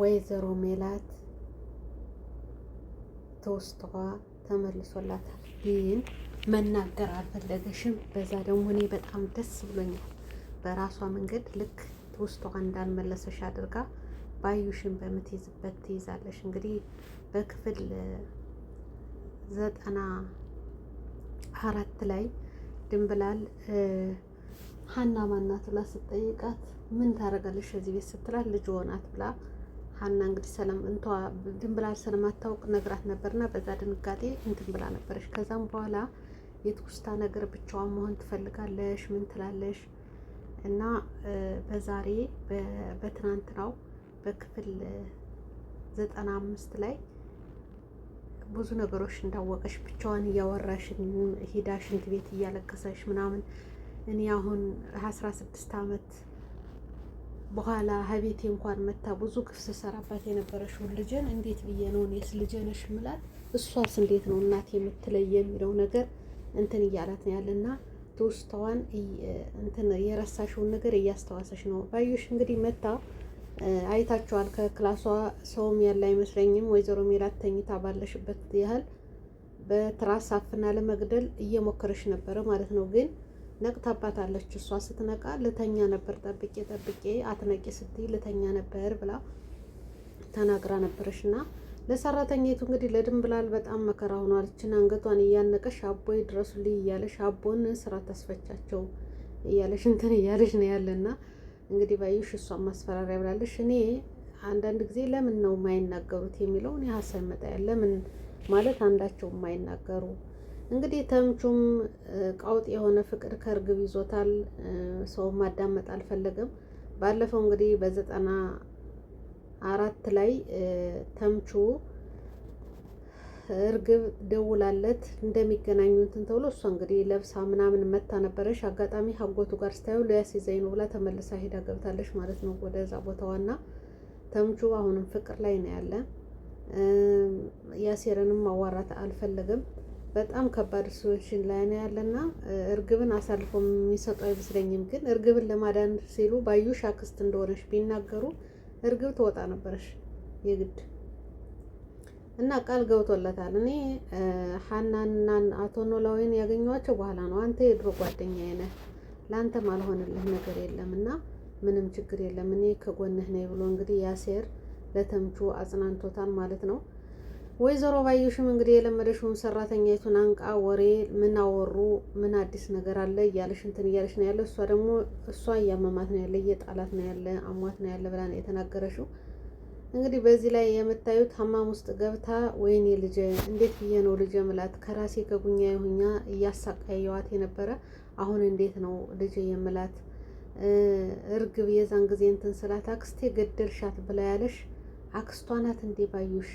ወይዘሮ ሜላት ትውስታዋ ተመልሶላታል። ግን መናገር አልፈለገሽም። በዛ ደግሞ እኔ በጣም ደስ ብሎኛል። በራሷ መንገድ ልክ ትውስታዋ እንዳልመለሰሽ አድርጋ ባዩሽን በምትይዝበት ትይዛለሽ። እንግዲህ በክፍል ዘጠና አራት ላይ ድንብላል ሀና ማናት ብላ ስትጠይቃት ምን ታደርጋለሽ እዚህ ቤት ስትላት ልጅ ሆናት ብላ ሀና እንግዲህ ሰላም እንቷ ድን ብላ ስለማታውቅ ነግራት ነበርና በዛ ድንጋጤ እንትን ብላ ነበረች። ከዛም በኋላ የትኩስታ ነገር ብቻዋን መሆን ትፈልጋለሽ፣ ምን ትላለሽ? እና በዛሬ በትናንትናው በክፍል ዘጠና አምስት ላይ ብዙ ነገሮች እንዳወቀሽ ብቻዋን እያወራሽ ሂዳ ሽንት ቤት እያለቀሰሽ ምናምን እኔ አሁን አስራ ስድስት አመት በኋላ ሀቤቴ እንኳን መታ ብዙ ክፍ ስሰራባት የነበረችውን ልጀን እንዴት ብዬ ነው እኔስ ልጀነሽ ምላል ምላት እሷስ እንዴት ነው እናት የምትለይ የሚለው ነገር እንትን እያላት ነው ያለና ትውስታዋን እንትን የረሳሽውን ነገር እያስተዋሰሽ ነው። ባዩሽ እንግዲህ መታ አይታችኋል። ከክላሷ ሰውም ያለ አይመስለኝም። ወይዘሮ ሜላት ተኝታ ባለሽበት ያህል በትራስ አፍና ለመግደል እየሞከረሽ ነበረ ማለት ነው ግን ነቅታባታለች። እሷ ስትነቃ ልተኛ ነበር ጠብቄ ጠብቄ አትነቂ ስትይ ልተኛ ነበር ብላ ተናግራ ነበረሽ እና ለሰራተኛይቱ እንግዲህ ለድንብላል በጣም መከራ ሆኗል። ችን አንገቷን እያነቀሽ አቦይ ድረሱልኝ እያለሽ አቦን ስራ ታስፈቻቸው እያለሽ እንትን እያለሽ ነው ያለና እንግዲህ ባዩሽ እሷን ማስፈራሪያ ብላለሽ። እኔ አንዳንድ ጊዜ ለምን ነው የማይናገሩት የሚለውን እኔ ለምን ማለት አንዳቸው የማይናገሩ እንግዲህ ተምቹም ቀውጥ የሆነ ፍቅር ከእርግብ ይዞታል። ሰው ማዳመጥ አልፈለገም። ባለፈው እንግዲህ በዘጠና አራት ላይ ተምቹ እርግብ ደውላለት እንደሚገናኙ እንትን ተብሎ እሷ እንግዲህ ለብሳ ምናምን መታ ነበረች። አጋጣሚ ሀጎቱ ጋር ስታየው ሊያስይዘኝ ነው ብላ ተመልሳ ሄዳ ገብታለች ማለት ነው ወደዛ ቦታዋና ተምቹ አሁንም ፍቅር ላይ ነው ያለ። ያሴረንም ማዋራት አልፈለገም። በጣም ከባድ ሲሽን ላይ ነው ያለና እርግብን አሳልፎ የሚሰጡ አይመስለኝም። ግን እርግብን ለማዳን ሲሉ ባዩሽ አክስት እንደሆነች ቢናገሩ እርግብ ትወጣ ነበረች የግድ እና ቃል ገብቶለታል። እኔ ሀናና አቶ ኖላዊን ያገኘኋቸው በኋላ ነው። አንተ የድሮ ጓደኛዬ ነህ፣ ለአንተም አልሆንልህ ነገር የለም እና ምንም ችግር የለም እኔ ከጎንህ ነኝ ብሎ እንግዲህ ያሴር ለተምቹ አጽናንቶታል ማለት ነው። ወይዘሮ ባዩሽም እንግዲህ የለመደሽውን ሰራተኛይቱን አንቃ ወሬ ምን አወሩ፣ ምን አዲስ ነገር አለ እያለሽ እንትን እያለሽ ነው ያለ። እሷ ደግሞ እሷ እያመማት ነው ያለ፣ እየጣላት ነው ያለ፣ አሟት ነው ያለ ብላ ነው የተናገረሽው። እንግዲህ በዚህ ላይ የምታዩት ሀማም ውስጥ ገብታ ወይኔ ልጄ እንዴት ብዬ ነው ልጄ ምላት ከራሴ ከጉኛ የሁኛ እያሳቃየዋት የነበረ አሁን እንዴት ነው ልጄ የምላት እርግብ የዛን ጊዜ እንትን ስላት አክስቴ ገደልሻት ብላ ያለሽ አክስቷ ናት እንዴ ባዩሽ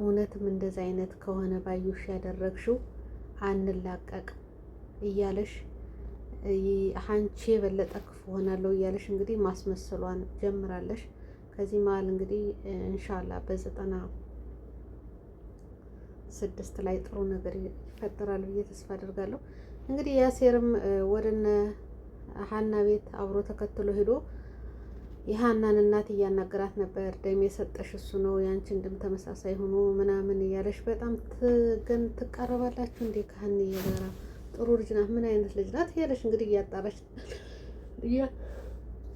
እውነትም እንደዚ አይነት ከሆነ ባዩሽ ያደረግሽው አንላቀቅ እያለሽ አንቺ የበለጠ ክፉ ሆናለሁ እያለሽ እንግዲህ ማስመሰሏን ጀምራለሽ። ከዚህ መሀል እንግዲህ እንሻላ በዘጠና ስድስት ላይ ጥሩ ነገር ይፈጠራል ብዬ ተስፋ አድርጋለሁ። እንግዲህ ያሴርም ወደነ ሀና ቤት አብሮ ተከትሎ ሄዶ የሀናን እናት እያናገራት ነበር። ደም የሰጠሽ እሱ ነው የአንችን ደም ተመሳሳይ ሆኖ ምናምን እያለሽ በጣም ትገን ትቃረባላችሁ እንዴ ካህን እየጋራ ጥሩ ልጅ ናት፣ ምን አይነት ልጅ ናት እያለሽ እንግዲህ እያጣራች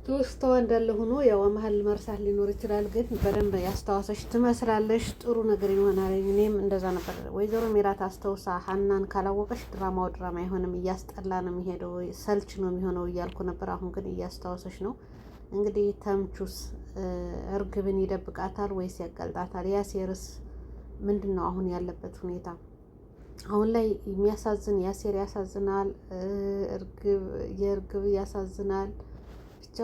ትውስታዋ እንዳለ ሆኖ ያው መሀል መርሳት ሊኖር ይችላል፣ ግን በደንብ ያስታወሰሽ ትመስላለሽ። ጥሩ ነገር ይሆናል። እኔም እንደዛ ነበር። ወይዘሮ ሜላት አስተውሳ ሀናን ካላወቀሽ ድራማው ድራማ አይሆንም፣ እያስጠላ ነው የሚሄደው፣ ሰልች ነው የሚሆነው እያልኩ ነበር። አሁን ግን እያስታወሰሽ ነው እንግዲህ ተምቹስ እርግብን ይደብቃታል ወይስ ያጋልጣታል? ያሴርስ ምንድን ነው አሁን ያለበት ሁኔታ? አሁን ላይ የሚያሳዝን ያሴር ያሳዝናል፣ እርግብ የእርግብ ያሳዝናል። ብቻ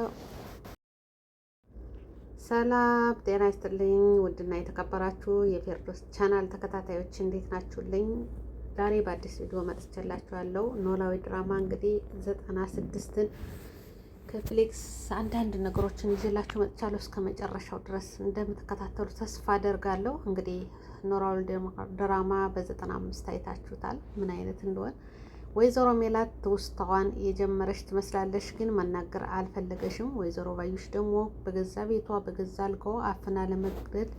ሰላም ጤና ይስጥልኝ። ውድና የተከበራችሁ የፌርዶስ ቻናል ተከታታዮች እንዴት ናችሁልኝ? ዛሬ በአዲስ ቪዲዮ መጥቼላችኋለሁ። ኖላዊ ድራማ እንግዲህ ዘጠና ስድስትን ከፍሌክስ አንዳንድ ነገሮችን ይዤላችሁ መጥቻለሁ። እስከ መጨረሻው ድረስ እንደምትከታተሉ ተስፋ አደርጋለሁ። እንግዲህ ኖላዊ ድራማ በዘጠና አምስት አይታችሁታል ምን አይነት እንደሆነ። ወይዘሮ ሜላት ትውስታዋን የጀመረች ትመስላለች፣ ግን መናገር አልፈለገሽም። ወይዘሮ ባዩሽ ደግሞ በገዛ ቤቷ በገዛ አልጋዋ አፍና ለመግደል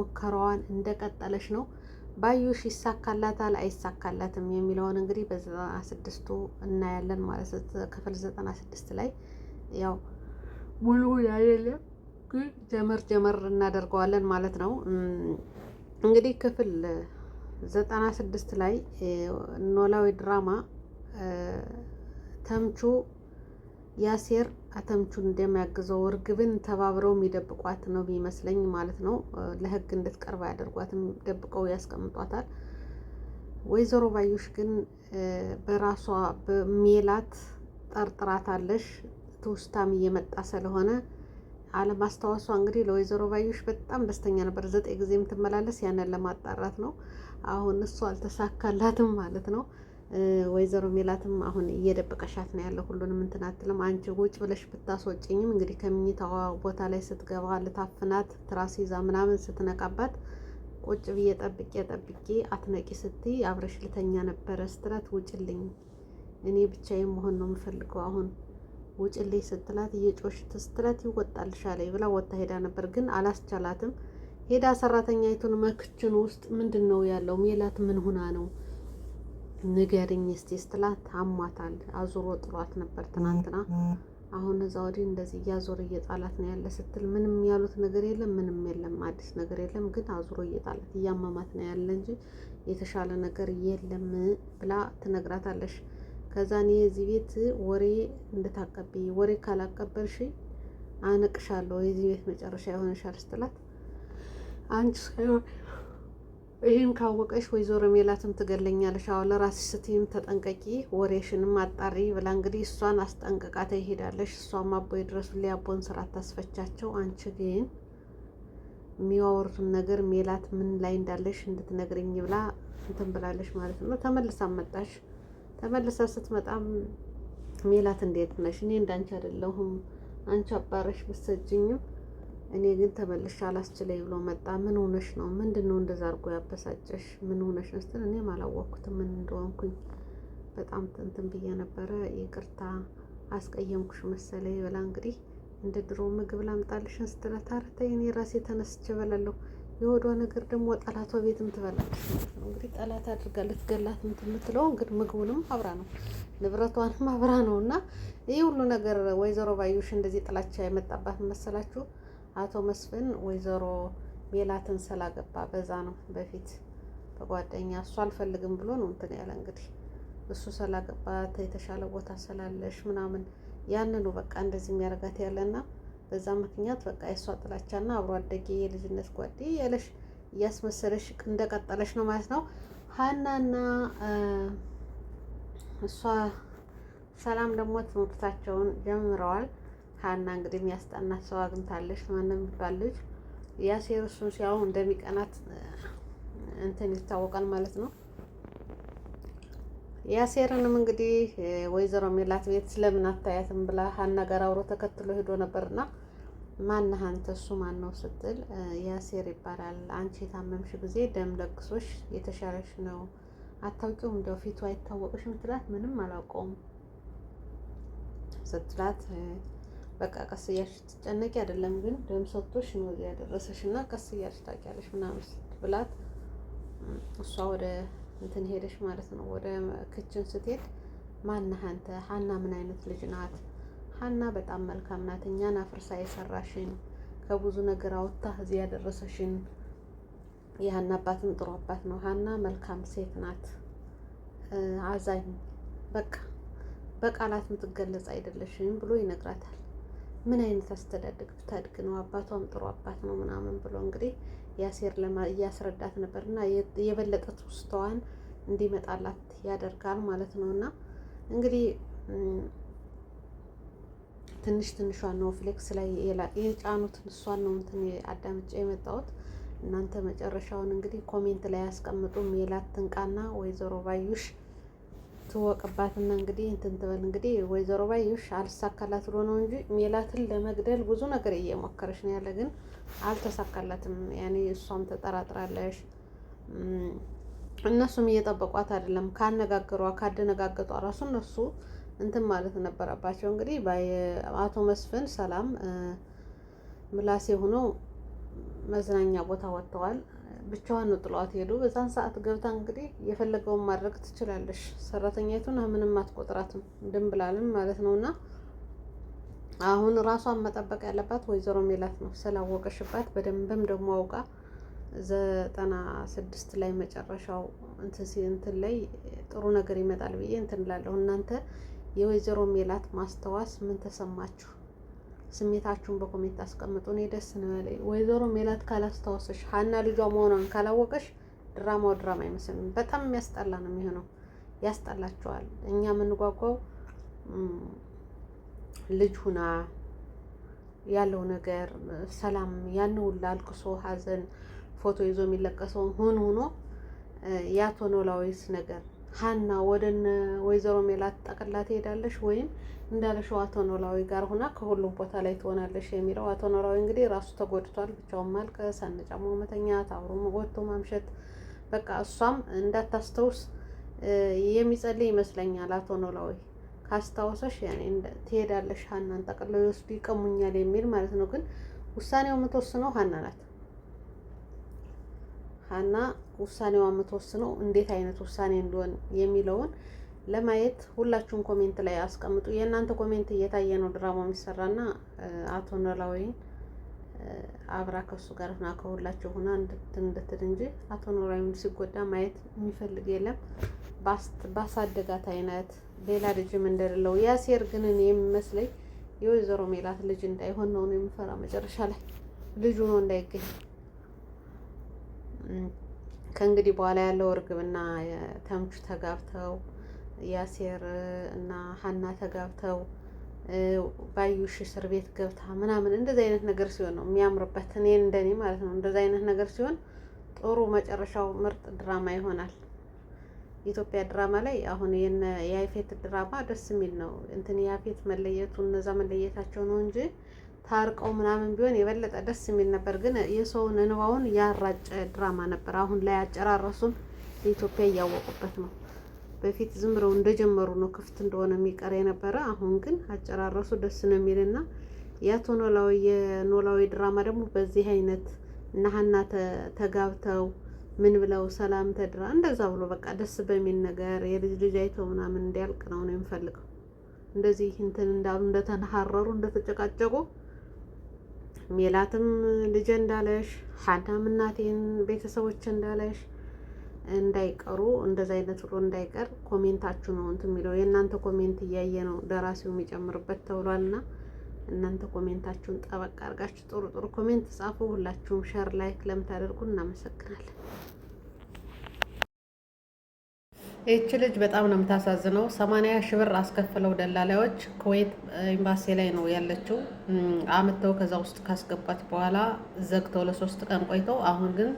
ሙከራዋን እንደቀጠለች ነው። ባዩሽ ይሳካላታል አይሳካላትም የሚለውን እንግዲህ በዘጠና ስድስቱ እናያለን ማለት ክፍል ዘጠና ስድስት ላይ ያው ሙሉ ያየለ ግን ጀመር ጀመር እናደርገዋለን ማለት ነው። እንግዲህ ክፍል ዘጠና ስድስት ላይ ኖላዊ ድራማ ተምቹ ያሴር አተምቹን እንደሚያግዘው እርግብን ተባብረው የሚደብቋት ነው የሚመስለኝ ማለት ነው። ለህግ እንድትቀርባ ያደርጓትም ደብቀው ያስቀምጧታል። ወይዘሮ ባዩሽ ግን በራሷ በሜላት ጠርጥራታለሽ ትውስታም እየመጣ ስለሆነ አለማስታወሷ እንግዲህ ለወይዘሮ ባዩሽ በጣም ደስተኛ ነበር። ዘጠኝ ጊዜ የምትመላለስ ያንን ለማጣራት ነው። አሁን እሱ አልተሳካላትም ማለት ነው። ወይዘሮ ሜላትም አሁን እየደበቀሻት ነው ያለው። ሁሉንም እንትን አትልም። አንቺ ውጭ ብለሽ ብታስወጭኝም እንግዲህ ከምኝታዋ ቦታ ላይ ስትገባ ልታፍናት ትራስ ይዛ ምናምን ስትነቃባት ቁጭ ብዬ ጠብቄ ጠብቄ አትነቂ ስትይ አብረሽ ልተኛ ነበረ ስትላት ውጭልኝ፣ እኔ ብቻዬን መሆን ነው የምፈልገው አሁን ውጭልኝ ስትላት እየጮሽ ስትላት ይወጣልሻል ብላ ወጥታ ሄዳ ነበር፣ ግን አላስቻላትም። ሄዳ ሰራተኛይቱን መክችን ውስጥ ምንድን ነው ያለው ሜላት ምን ሁና ነው ንገርኝ እስቲ ስትላት አሟታል። አዙሮ ጥሏት ነበር ትናንትና። አሁን እዛ ወዲህ እንደዚህ እያዞር እየጣላት ነው ያለ ስትል ምንም ያሉት ነገር የለም፣ ምንም የለም፣ አዲስ ነገር የለም። ግን አዙሮ እየጣላት እያመማት ነው ያለ እንጂ የተሻለ ነገር የለም ብላ ትነግራታለሽ። ከዛን የዚህ ቤት ወሬ እንድታቀቢ ወሬ ካላቀበልሽ አነቅሻለሁ፣ የዚህ ቤት መጨረሻ ይሆንሻል ስትላት አንቺ ሳይሆን ይህን ካወቀሽ ወይዘሮ ሜላትም ትገለኛለሽ። አዎ ለራስሽ ስትይም ተጠንቀቂ፣ ወሬሽንም አጣሪ ብላ እንግዲህ እሷን አስጠንቅቃ ትሄዳለሽ። እሷም አቦ ድረሱ ሊያቦን ስራ ታስፈቻቸው። አንቺ ግን የሚያወሩትን ነገር ሜላት ምን ላይ እንዳለሽ እንድትነግርኝ ብላ እንትን ብላለሽ ማለት ነው። ተመልሳ መጣሽ። ተመልሳ ስትመጣም ሜላት እንዴት ነሽ? እኔ እንዳንቺ አይደለሁም አንቺ አባረሽ ብትሰጂኝም እኔ ግን ተመልሼ አላስችለኝ ብሎ መጣ። ምን ሆነሽ ነው? ምንድን ነው እንደዛ አድርጎ ያበሳጨሽ? ምን ሆነሽ ነው ስትል እኔም አላወቅኩትም ምን እንደሆንኩኝ በጣም እንትን ብዬ ነበረ፣ ይቅርታ አስቀየምኩሽ መሰለኝ ብላ እንግዲህ እንደ ድሮ ምግብ ላምጣልሽን ስትላት፣ ኧረ ተይ እኔ ራሴ ተነስቼ እበላለሁ የወዷ ነገር ደግሞ ጠላቷ ቤትም ትበላለች ማለት ነው። እንግዲህ ጠላት አድርጋ ልትገላት የምትለው እንግዲህ ምግቡንም አብራ ነው ንብረቷንም አብራ ነው። እና ይህ ሁሉ ነገር ወይዘሮ ባዩሽ እንደዚህ ጥላቻ የመጣባት መሰላችሁ? አቶ መስፍን ወይዘሮ ሜላትን ስላገባ በዛ ነው። በፊት በጓደኛ እሱ አልፈልግም ብሎ ነው እንትን ያለ እንግዲህ እሱ ስላገባት የተሻለ ቦታ ስላለሽ ምናምን ያንኑ በቃ እንደዚህ የሚያደርጋት ያለና በዛ ምክንያት በቃ የእሷ ጥላቻና አብሮ አደጌ የልጅነት ጓዴ ያለሽ እያስመሰለሽ እንደቀጠለሽ ነው ማለት ነው። ሀናና እሷ ሰላም ደግሞ ትምህርታቸውን ጀምረዋል። ሀና እንግዲህ የሚያስጠናት ሰው አግኝታለች። ማንም ባለች ያሴር እሱን ሲያው እንደሚቀናት እንትን ይታወቃል ማለት ነው። ያሴርንም እንግዲህ ወይዘሮ ሜላት ቤት ስለምን አታያትም ብላ ሀና ጋር አብሮ ተከትሎ ሄዶ ነበርና ማነህ አንተ እሱ ማን ነው ስትል ያሴር ይባላል። አንቺ የታመምሽ ጊዜ ደም ለግሶሽ የተሻለሽ ነው አታውቂውም፣ እንዲያው ፊቱ አይታወቅሽም ትላት። ምንም አላውቀውም ስትላት በቃ ቀስ እያልሽ ትጨነቂ አይደለም ግን ደም ሰጥቶሽ ነው ያደረሰሽ እና ቀስ እያልሽ ታውቂያለሽ ምናምን ብላት እሷ ወደ እንትን ሄደሽ ማለት ነው ወደ ክችን ስትሄድ ማነህ አንተ ሀና ምን አይነት ልጅ ናት? ሀና በጣም መልካም ናት። እኛን አፍርሳ የሰራሽን ከብዙ ነገር አውጥታ እዚህ ያደረሰሽን የሀና አባትም ጥሩ አባት ነው። ሀና መልካም ሴት ናት፣ አዛኝ በቃ በቃላት የምትገለጽ አይደለሽም ብሎ ይነግራታል። ምን አይነት አስተዳደግ ብታድግ ነው አባቷም ጥሩ አባት ነው ምናምን ብሎ እንግዲህ ያሴር እያስረዳት ነበር እና የበለጠ ትውስታዋን እንዲመጣላት ያደርጋል ማለት ነው። እና እንግዲህ ትንሽ ትንሿን ነው ፍሌክስ ላይ የጫኑትን እሷን ነው እንትን አዳምጬ የመጣሁት። እናንተ መጨረሻውን እንግዲህ ኮሜንት ላይ ያስቀምጡ። ሜላት ትንቃና ወይዘሮ ባዩሽ ትወቅባትና እንግዲህ እንትን ትበል እንግዲህ ወይዘሮ ባዩሽ አልሳካላት ብሎ ነው እንጂ ሜላትን ለመግደል ብዙ ነገር እየሞከረች ነው ያለ፣ ግን አልተሳካላትም። ያኔ እሷም ተጠራጥራለሽ፣ እነሱም እየጠበቋት አይደለም። ካነጋገሯ ካደነጋገጧ ራሱ እነሱ እንትን ማለት ነበረባቸው። እንግዲህ አቶ መስፍን ሰላም ምላሴ ሆኖ መዝናኛ ቦታ ወጥተዋል። ብቻዋን ነው ጥሏት ሄዱ። በዛን ሰዓት ገብታ እንግዲህ የፈለገውን ማድረግ ትችላለሽ። ሰራተኛይቱን ምንም አትቆጥራትም ድንብላልም ማለት ነው። እና አሁን ራሷን መጠበቅ ያለባት ወይዘሮ ሜላት ነው ስላወቀሽባት በደንብም ደግሞ አውቃ ዘጠና ስድስት ላይ መጨረሻው እንትን ላይ ጥሩ ነገር ይመጣል ብዬ እንትን እላለሁ። እናንተ የወይዘሮ ሜላት ማስተዋስ ምን ተሰማችሁ? ስሜታችሁን በኮሜንት አስቀምጡ። እኔ ደስ ነው ያለኝ። ወይዘሮ ሜላት ካላስታወሰሽ ሀና ልጇ መሆኗን ካላወቀሽ ድራማው ድራማ አይመስልም። በጣም የሚያስጠላ ነው የሚሆነው። ያስጠላቸዋል። እኛ የምንጓጓው ልጅ ሁና ያለው ነገር ሰላም ያን ሁላ አልቅሶ ሀዘን ፎቶ ይዞ የሚለቀሰውን ሁን ሁኖ የአቶ ያቶኖላዊስ ነገር ሀና ወደነ ወይዘሮ ሜላት ጠቅላ ትሄዳለሽ ወይም እንዳለሽው አቶ ኖላዊ ጋር ሆና ከሁሉም ቦታ ላይ ትሆናለሽ የሚለው አቶ ኖላዊ እንግዲህ ራሱ ተጎድቷል። ብቻውን ማልቀስ፣ አንጫማው መተኛት፣ አብሮ ወጥቶ ማምሸት በቃ እሷም እንዳታስታውስ የሚጸልይ ይመስለኛል። አቶ ኖላዊ ካስታወሰሽ ትሄዳለሽ ሀናን ጠቅለው ይወስዱ ይቀሙኛል የሚል ማለት ነው። ግን ውሳኔው የምትወስነው ሀና ናት። ሀና ውሳኔዋ የምትወስነው እንዴት አይነት ውሳኔ እንደሆን የሚለውን ለማየት ሁላችሁም ኮሜንት ላይ አስቀምጡ። የእናንተ ኮሜንት እየታየ ነው ድራማው የሚሰራና አቶ ኖላዊን አብራ ከሱ ጋር ሆና ከሁላችሁ ሆና እንድትል እንጂ አቶ ኖላዊን ሲጎዳ ማየት የሚፈልግ የለም። ባሳደጋት አይነት ሌላ ልጅም እንደሌለው ያሴር ግን እኔ የሚመስለኝ የወይዘሮ ሜላት ልጅ እንዳይሆን ነው የምፈራ መጨረሻ ላይ ልጁ ነው እንዳይገኝ ከእንግዲህ በኋላ ያለው እርግብና ተምቹ ተጋብተው ያሴር እና ሀና ተጋብተው ባዩሽ እስር ቤት ገብታ ምናምን እንደዚህ አይነት ነገር ሲሆን ነው የሚያምርበት። እኔ እንደኔ ማለት ነው። እንደዚህ አይነት ነገር ሲሆን ጥሩ መጨረሻው ምርጥ ድራማ ይሆናል። ኢትዮጵያ ድራማ ላይ አሁን የአይፌት ድራማ ደስ የሚል ነው። እንትን የአፌት መለየቱ እነዛ መለየታቸው ነው እንጂ ታርቀው ምናምን ቢሆን የበለጠ ደስ የሚል ነበር። ግን የሰውን እንባውን ያራጨ ድራማ ነበር። አሁን ላይ አጨራረሱን ለኢትዮጵያ እያወቁበት ነው። በፊት ዝም ብለው እንደጀመሩ ነው ክፍት እንደሆነ የሚቀር የነበረ። አሁን ግን አጨራረሱ ደስ ነው የሚልና የአቶ ኖላዊ የኖላዊ ድራማ ደግሞ በዚህ አይነት ናህና ተጋብተው ምን ብለው ሰላም ተድራ እንደዛ ብሎ በቃ ደስ በሚል ነገር የልጅ ልጅ አይተው ምናምን እንዲያልቅ ነው ነው የምፈልገው። እንደዚህ እንትን እንዳሉ እንደተናሃረሩ እንደተጨቃጨቁ ሜላትም ልጅ እንዳለሽ፣ ሀናም እናቴን ቤተሰቦች እንዳለሽ እንዳይቀሩ እንደዚ አይነት ብሎ እንዳይቀር ኮሜንታችሁ ነው እንትን የሚለው የእናንተ ኮሜንት እያየ ነው ደራሲው የሚጨምርበት ና እናንተ ኮሜንታችሁን ጠበቅ አድርጋችሁ ጥሩ ጥሩ ኮሜንት ጻፉ። ሁላችሁም ሸር ላይክ ለምታደርጉ እናመሰግናለን። ይህች ልጅ በጣም ነው የምታሳዝነው። ሰማንያ ሺህ ብር አስከፍለው ደላላዮች ኩዌት ኤምባሲ ላይ ነው ያለችው። አምተው ከዛ ውስጥ ካስገባት በኋላ ዘግተው ለሶስት ቀን ቆይተው አሁን ግን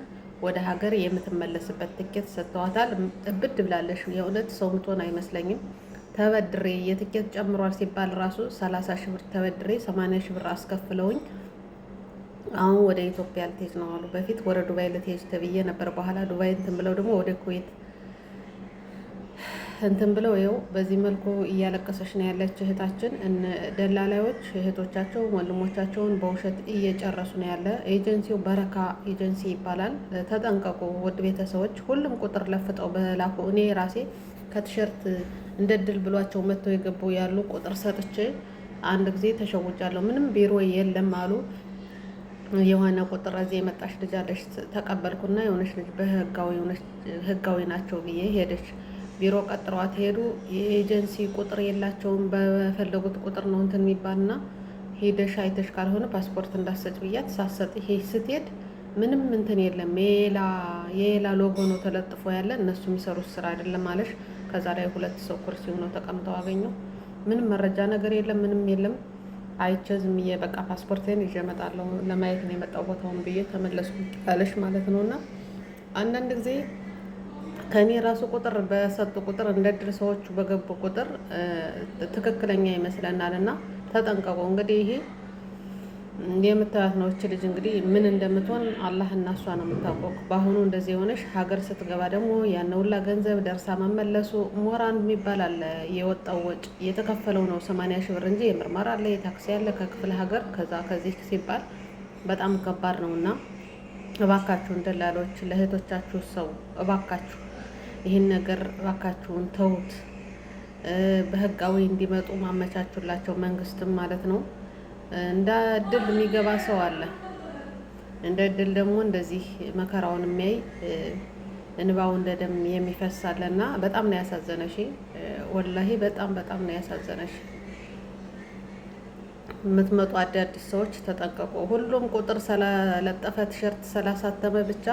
ወደ ሀገር የምትመለስበት ትኬት ሰጥተዋታል። እብድ ብላለሽ። የእውነት ሰው ምትሆን አይመስለኝም። ተበድሬ የትኬት ጨምሯል ሲባል ራሱ ሰላሳ ሺህ ብር ተበድሬ ሰማንያ ሺህ ብር አስከፍለውኝ አሁን ወደ ኢትዮጵያ ልትሄድ ነው አሉ። በፊት ወደ ዱባይ ልትሄድ ተብዬ ነበር። በኋላ ዱባይ እንትን ብለው ደግሞ ወደ ኩዌት እንትን ብለው ይኸው በዚህ መልኩ እያለቀሰች ነው ያለች እህታችን። ደላላዮች እህቶቻቸውን ወንድሞቻቸውን በውሸት እየጨረሱ ነው ያለ። ኤጀንሲው በረካ ኤጀንሲ ይባላል። ተጠንቀቁ ውድ ቤተሰቦች። ሁሉም ቁጥር ለፍጠው በላኩ እኔ ራሴ ከቲሸርት እንደ ድል ብሏቸው መጥተው የገቡ ያሉ ቁጥር ሰጥቼ አንድ ጊዜ ተሸውጫለሁ። ምንም ቢሮ የለም አሉ የሆነ ቁጥር እዚህ የመጣች ልጅ ተቀበልኩና የሆነች ልጅ በህጋዊ ናቸው ብዬ ሄደች። ቢሮ ቀጥሯት ሄዱ። የኤጀንሲ ቁጥር የላቸውም። በፈለጉት ቁጥር ነው እንትን የሚባልና ሄደሽ አይተሽ ካልሆነ ፓስፖርት እንዳሰጭ ብያት ሳሰጥ ይሄ ስትሄድ ምንም እንትን የለም። የሌላ ሎጎ ነው ተለጥፎ ያለ እነሱ የሚሰሩት ስራ አይደለም ማለሽ። ከዛ ላይ ሁለት ሰው ኩርሲ ሆነው ተቀምጠው አገኘው። ምንም መረጃ ነገር የለም፣ ምንም የለም። አይቼ ዝም ብዬ በቃ ፓስፖርቴን ይዤ እመጣለሁ ለማየት ነው የመጣው ቦታውን ብዬ ተመለስኩ አለሽ ማለት ነው እና አንዳንድ ጊዜ ከእኔ ራሱ ቁጥር በሰጡ ቁጥር እንደ ድል ሰዎቹ በገቡ ቁጥር ትክክለኛ ይመስለናል። እና ተጠንቀቁ። እንግዲህ ይሄ የምታያት ነው። እች ልጅ እንግዲህ ምን እንደምትሆን አላህ እና እሷ ነው የምታውቀው። በአሁኑ እንደዚህ የሆነች ሀገር ስትገባ ደግሞ ያን ሁላ ገንዘብ ደርሳ መመለሱ ሞራን የሚባል አለ። የወጣው ወጭ የተከፈለው ነው ሰማንያ ሺህ ብር እንጂ የምርመራ አለ፣ የታክሲ አለ ከክፍለ ሀገር ከዛ ከዚህ ሲባል በጣም ከባድ ነው እና እባካችሁ እንደላሎች ለእህቶቻችሁ ሰው እባካችሁ ይህን ነገር እባካችሁን ተውት። በህጋዊ እንዲመጡ ማመቻቹላቸው መንግስትም ማለት ነው። እንደ እድል የሚገባ ሰው አለ። እንደ እድል ደግሞ እንደዚህ መከራውን የሚያይ እንባው እንደ ደም የሚፈሳለ አለና በጣም ነው ያሳዘነሽ። ወላሂ በጣም በጣም ነው ያሳዘነሽ። የምትመጡ አዳዲስ ሰዎች ተጠንቀቁ። ሁሉም ቁጥር ስለለጠፈ ቲሸርት ስላሳተመ ብቻ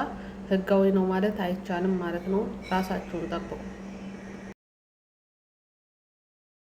ህጋዊ ነው ማለት አይቻልም ማለት ነው። ራሳችሁን ጠብቁ።